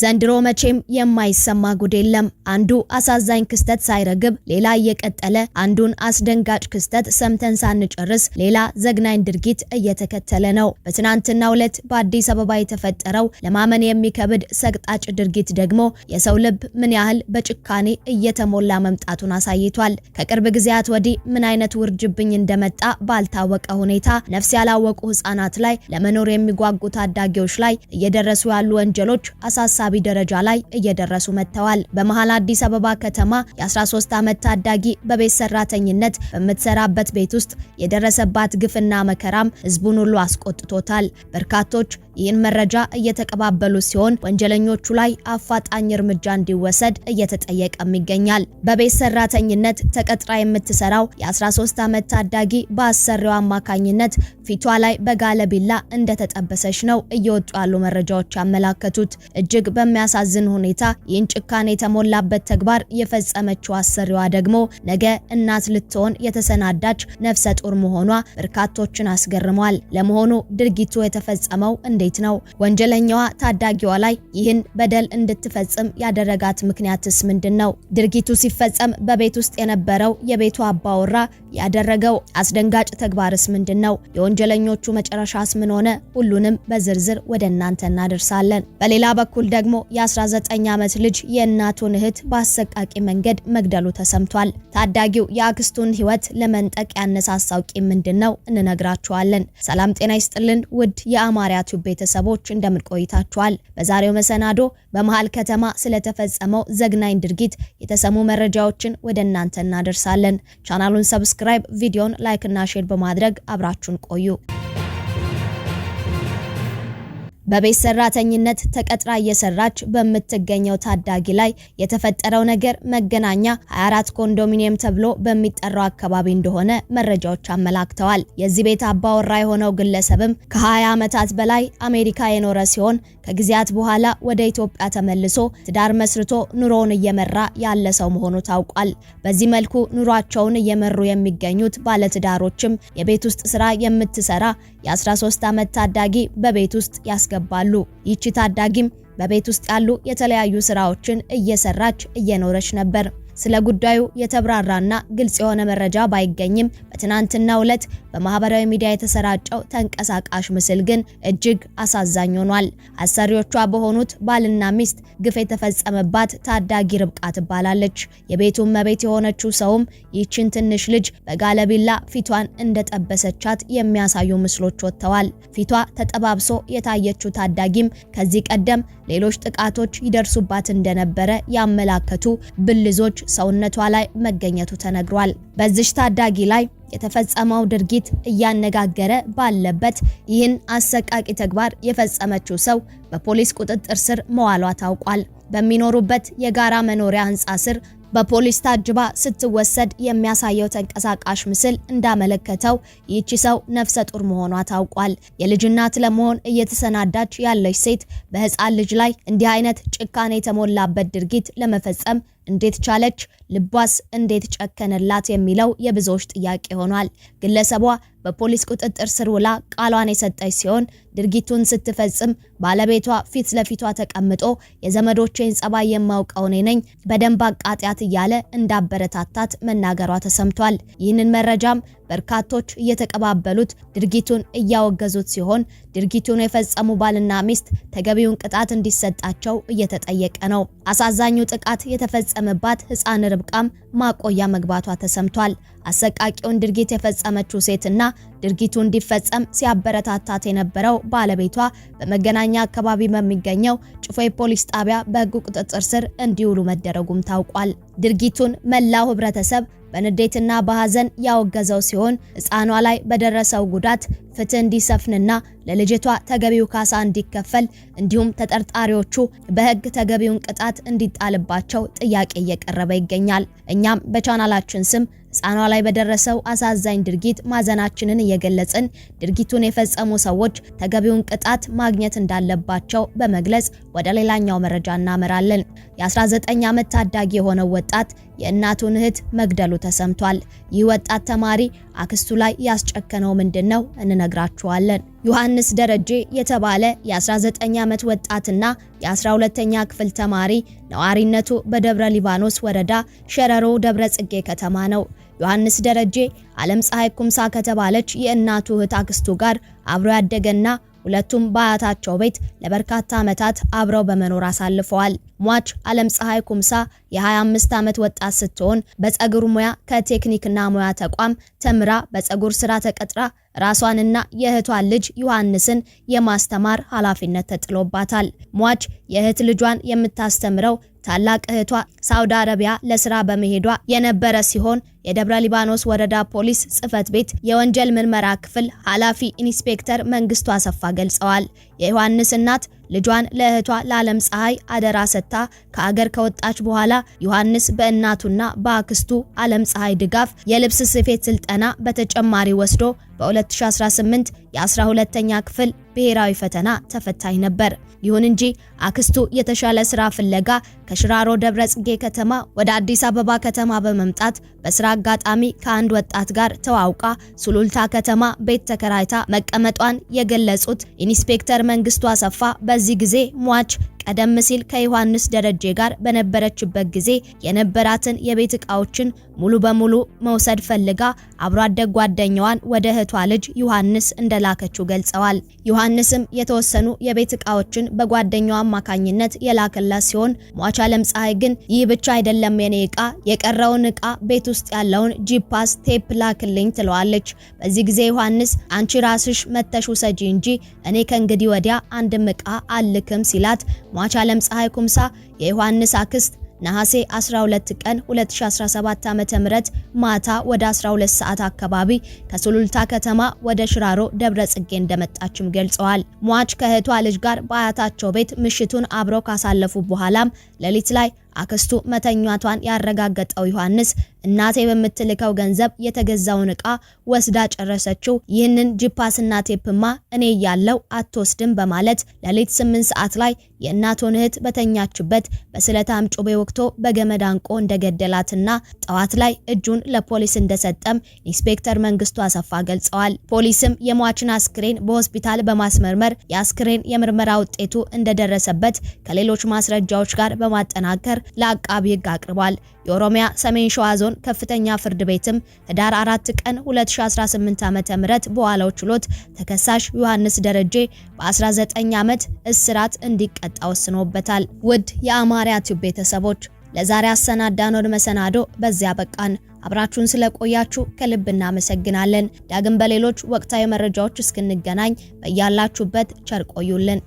ዘንድሮ መቼም የማይሰማ ጉድ የለም። አንዱ አሳዛኝ ክስተት ሳይረግብ ሌላ እየቀጠለ አንዱን አስደንጋጭ ክስተት ሰምተን ሳንጨርስ ሌላ ዘግናኝ ድርጊት እየተከተለ ነው። በትናንትናው ዕለት በአዲስ አበባ የተፈጠረው ለማመን የሚከብድ ሰቅጣጭ ድርጊት ደግሞ የሰው ልብ ምን ያህል በጭካኔ እየተሞላ መምጣቱን አሳይቷል። ከቅርብ ጊዜያት ወዲህ ምን አይነት ውርጅብኝ እንደመጣ ባልታወቀ ሁኔታ ነፍስ ያላወቁ ሕጻናት ላይ ለመኖር የሚጓጉ ታዳጊዎች ላይ እየደረሱ ያሉ ወንጀሎች አሳሳቢ አሳሳቢ ደረጃ ላይ እየደረሱ መጥተዋል። በመሃል አዲስ አበባ ከተማ የ13 ዓመት ታዳጊ በቤት ሰራተኝነት በምትሰራበት ቤት ውስጥ የደረሰባት ግፍና መከራም ህዝቡን ሁሉ አስቆጥቶታል። በርካቶች ይህን መረጃ እየተቀባበሉ ሲሆን ወንጀለኞቹ ላይ አፋጣኝ እርምጃ እንዲወሰድ እየተጠየቀም ይገኛል። በቤት ሰራተኝነት ተቀጥራ የምትሰራው የ13 ዓመት ታዳጊ በአሰሪው አማካኝነት ፊቷ ላይ በጋለ ቢላ እንደተጠበሰች ነው እየወጡ ያሉ መረጃዎች ያመላከቱት። እጅግ በሚያሳዝን ሁኔታ ይህን ጭካኔ የተሞላበት ተግባር የፈጸመችው አሰሪዋ ደግሞ ነገ እናት ልትሆን የተሰናዳች ነፍሰ ጡር መሆኗ በርካቶችን አስገርሟል። ለመሆኑ ድርጊቱ የተፈጸመው እንዴት ነው? ወንጀለኛዋ ታዳጊዋ ላይ ይህን በደል እንድትፈጽም ያደረጋት ምክንያትስ ምንድን ነው? ድርጊቱ ሲፈጸም በቤት ውስጥ የነበረው የቤቱ አባወራ ያደረገው አስደንጋጭ ተግባርስ ምንድን ነው? የወንጀለኞቹ መጨረሻስ ምን ሆነ? ሁሉንም በዝርዝር ወደ እናንተ እናደርሳለን። በሌላ በኩል ደግሞ የ19 ዓመት ልጅ የእናቱን እህት በአሰቃቂ መንገድ መግደሉ ተሰምቷል። ታዳጊው የአክስቱን ሕይወት ለመንጠቅ ያነሳሳው ቂም ምንድን ነው? እንነግራችኋለን። ሰላም ጤና ይስጥልን ውድ የአማርያ ቱብ ቤተሰቦች እንደምን ቆይታችኋል? በዛሬው መሰናዶ በመሀል ከተማ ስለተፈጸመው ዘግናኝ ድርጊት የተሰሙ መረጃዎችን ወደ እናንተ እናደርሳለን። ቻናሉን ሰብስክራይብ፣ ቪዲዮን ላይክ እና ሼር በማድረግ አብራችሁን ቆዩ። በቤት ሰራተኝነት ተቀጥራ እየሰራች በምትገኘው ታዳጊ ላይ የተፈጠረው ነገር መገናኛ 24 ኮንዶሚኒየም ተብሎ በሚጠራው አካባቢ እንደሆነ መረጃዎች አመላክተዋል። የዚህ ቤት አባወራ የሆነው ግለሰብም ከ20 ዓመታት በላይ አሜሪካ የኖረ ሲሆን ከጊዜያት በኋላ ወደ ኢትዮጵያ ተመልሶ ትዳር መስርቶ ኑሮውን እየመራ ያለ ሰው መሆኑ ታውቋል። በዚህ መልኩ ኑሯቸውን እየመሩ የሚገኙት ባለትዳሮችም የቤት ውስጥ ስራ የምትሰራ የ13 ዓመት ታዳጊ በቤት ውስጥ ያስገባሉ። ይቺ ታዳጊም በቤት ውስጥ ያሉ የተለያዩ ስራዎችን እየሰራች እየኖረች ነበር። ስለ ጉዳዩ የተብራራና ግልጽ የሆነ መረጃ ባይገኝም በትናንትናው ዕለት በማህበራዊ ሚዲያ የተሰራጨው ተንቀሳቃሽ ምስል ግን እጅግ አሳዛኝ ሆኗል። አሰሪዎቿ በሆኑት ባልና ሚስት ግፍ የተፈጸመባት ታዳጊ ርብቃ ትባላለች። የቤቱ እመቤት የሆነችው ሰውም ይህችን ትንሽ ልጅ በጋለ ቢላ ፊቷን እንደጠበሰቻት የሚያሳዩ ምስሎች ወጥተዋል። ፊቷ ተጠባብሶ የታየችው ታዳጊም ከዚህ ቀደም ሌሎች ጥቃቶች ይደርሱባት እንደነበረ ያመላከቱ ብልዞች ሰውነቷ ላይ መገኘቱ ተነግሯል። በዚች ታዳጊ ላይ የተፈጸመው ድርጊት እያነጋገረ ባለበት ይህን አሰቃቂ ተግባር የፈጸመችው ሰው በፖሊስ ቁጥጥር ስር መዋሏ ታውቋል። በሚኖሩበት የጋራ መኖሪያ ህንፃ ስር በፖሊስ ታጅባ ስትወሰድ የሚያሳየው ተንቀሳቃሽ ምስል እንዳመለከተው ይህቺ ሰው ነፍሰ ጡር መሆኗ ታውቋል። የልጅ እናት ለመሆን እየተሰናዳች ያለች ሴት በህፃን ልጅ ላይ እንዲህ አይነት ጭካኔ የተሞላበት ድርጊት ለመፈጸም እንዴት ቻለች? ልቧስ እንዴት ጨከነላት? የሚለው የብዙዎች ጥያቄ ሆኗል። ግለሰቧ በፖሊስ ቁጥጥር ስር ውላ ቃሏን የሰጠች ሲሆን ድርጊቱን ስትፈጽም ባለቤቷ ፊት ለፊቷ ተቀምጦ የዘመዶቼን ጸባይ የማውቀው እኔ ነኝ፣ በደንብ አቃጢያት እያለ እንዳበረታታት መናገሯ ተሰምቷል። ይህንን መረጃም በርካቶች እየተቀባበሉት ድርጊቱን እያወገዙት ሲሆን ድርጊቱን የፈጸሙ ባልና ሚስት ተገቢውን ቅጣት እንዲሰጣቸው እየተጠየቀ ነው። አሳዛኙ ጥቃት የተፈጸመባት ሕፃን ርብቃም ማቆያ መግባቷ ተሰምቷል። አሰቃቂውን ድርጊት የፈጸመችው ሴትና ድርጊቱ እንዲፈጸም ሲያበረታታት የነበረው ባለቤቷ በመገናኛ አካባቢ በሚገኘው ጭፎ ፖሊስ ጣቢያ በሕግ ቁጥጥር ስር እንዲውሉ መደረጉም ታውቋል። ድርጊቱን መላው ህብረተሰብ በንዴትና በሐዘን ያወገዘው ሲሆን ህፃኗ ላይ በደረሰው ጉዳት ፍትህ እንዲሰፍንና ለልጅቷ ተገቢው ካሳ እንዲከፈል እንዲሁም ተጠርጣሪዎቹ በህግ ተገቢውን ቅጣት እንዲጣልባቸው ጥያቄ እየቀረበ ይገኛል። እኛም በቻናላችን ስም ህፃኗ ላይ በደረሰው አሳዛኝ ድርጊት ማዘናችንን እየገለጽን ድርጊቱን የፈጸሙ ሰዎች ተገቢውን ቅጣት ማግኘት እንዳለባቸው በመግለጽ ወደ ሌላኛው መረጃ እናመራለን። የ19 ዓመት ታዳጊ የሆነው ወጣት የእናቱን እህት መግደሉ ተሰምቷል። ይህ ወጣት ተማሪ አክስቱ ላይ ያስጨከነው ምንድን ነው? እንነግራችኋለን። ዮሐንስ ደረጄ የተባለ የ19 ዓመት ወጣትና የ12ኛ ክፍል ተማሪ ነዋሪነቱ በደብረ ሊባኖስ ወረዳ ሸረሮ ደብረ ጽጌ ከተማ ነው። ዮሐንስ ደረጄ ዓለም ፀሐይ ኩምሳ ከተባለች የእናቱ እህት አክስቱ ጋር አብሮ ያደገና ሁለቱም በአያታቸው ቤት ለበርካታ ዓመታት አብረው በመኖር አሳልፈዋል። ሟች ዓለም ፀሐይ ኩምሳ የ25 ዓመት ወጣት ስትሆን በፀጉር ሙያ ከቴክኒክና ሙያ ተቋም ተምራ በፀጉር ስራ ተቀጥራ ራሷንና የእህቷን ልጅ ዮሐንስን የማስተማር ኃላፊነት ተጥሎባታል። ሟች የእህት ልጇን የምታስተምረው ታላቅ እህቷ ሳውዲ አረቢያ ለስራ በመሄዷ የነበረ ሲሆን የደብረ ሊባኖስ ወረዳ ፖሊስ ጽሕፈት ቤት የወንጀል ምርመራ ክፍል ኃላፊ ኢንስፔክተር መንግስቱ አሰፋ ገልጸዋል። የዮሐንስ እናት ልጇን ለእህቷ ለዓለም ፀሐይ አደራ ሰጥታ ከአገር ከወጣች በኋላ ዮሐንስ በእናቱና በአክስቱ ዓለም ፀሐይ ድጋፍ የልብስ ስፌት ስልጠና በተጨማሪ ወስዶ በ2018 የ12ኛ ክፍል ብሔራዊ ፈተና ተፈታኝ ነበር። ይሁን እንጂ አክስቱ የተሻለ ስራ ፍለጋ ከሽራሮ ደብረ ጽጌ ከተማ ወደ አዲስ አበባ ከተማ በመምጣት በስራ አጋጣሚ ከአንድ ወጣት ጋር ተዋውቃ ሱሉልታ ከተማ ቤት ተከራይታ መቀመጧን የገለጹት ኢንስፔክተር መንግስቱ አሰፋ በዚህ ጊዜ ሟች ቀደም ሲል ከዮሐንስ ደረጀ ጋር በነበረችበት ጊዜ የነበራትን የቤት ዕቃዎችን ሙሉ በሙሉ መውሰድ ፈልጋ አብሮ አደግ ጓደኛዋን ወደ እህቷ ልጅ ዮሐንስ እንደላከችው ገልጸዋል። ዮሐንስም የተወሰኑ የቤት ዕቃዎችን በጓደኛዋ አማካኝነት የላከላት ሲሆን ሟች አለም ፀሐይ ግን ይህ ብቻ አይደለም የኔ ዕቃ፣ የቀረውን ዕቃ ቤት ውስጥ ያለውን ጂፓስ ቴፕ ላክልኝ ትለዋለች። በዚህ ጊዜ ዮሐንስ አንቺ ራስሽ መተሽ ውሰጂ እንጂ እኔ ከእንግዲህ ወዲያ አንድም ዕቃ አልክም ሲላት ሟች ዓለም ፀሐይ ኩምሳ የዮሐንስ አክስት ነሐሴ 12 ቀን 2017 ዓ.ም ማታ ወደ 12 ሰዓት አካባቢ ከሱሉልታ ከተማ ወደ ሽራሮ ደብረ ጽጌ እንደመጣችም ገልጸዋል። ሟች ከእህቷ ልጅ ጋር በአያታቸው ቤት ምሽቱን አብረው ካሳለፉ በኋላም ሌሊት ላይ አክስቱ መተኛቷን ያረጋገጠው ዮሐንስ እናቴ በምትልከው ገንዘብ የተገዛውን እቃ ወስዳ ጨረሰችው፣ ይህንን ጂፓስና ቴፕማ እኔ እያለው አትወስድም በማለት ሌሊት ስምንት ሰዓት ላይ የእናቱን እህት በተኛችበት በስለታም ጩቤ ወቅቶ በገመድ አንቆ እንደገደላትና ጠዋት ላይ እጁን ለፖሊስ እንደሰጠም ኢንስፔክተር መንግስቱ አሰፋ ገልጸዋል። ፖሊስም የሟችን አስክሬን በሆስፒታል በማስመርመር የአስክሬን የምርመራ ውጤቱ እንደደረሰበት ከሌሎች ማስረጃዎች ጋር በማጠናከር ለአቃቢ ህግ አቅርቧል። የኦሮሚያ ሰሜን ሸዋ ዞን ከፍተኛ ፍርድ ቤትም ህዳር 4 ቀን 2018 ዓ.ም በዋለው ችሎት ተከሳሽ ዮሐንስ ደረጀ በ19 ዓመት እስራት እንዲቀጣ ወስኖበታል። ውድ የአማርያ ቲዩብ ቤተሰቦች ለዛሬ አሰናዳነውን መሰናዶ በዚያ በቃን። አብራችሁን ስለቆያችሁ ከልብ እናመሰግናለን። ዳግም በሌሎች ወቅታዊ መረጃዎች እስክንገናኝ በያላችሁበት ቸር ቆዩልን።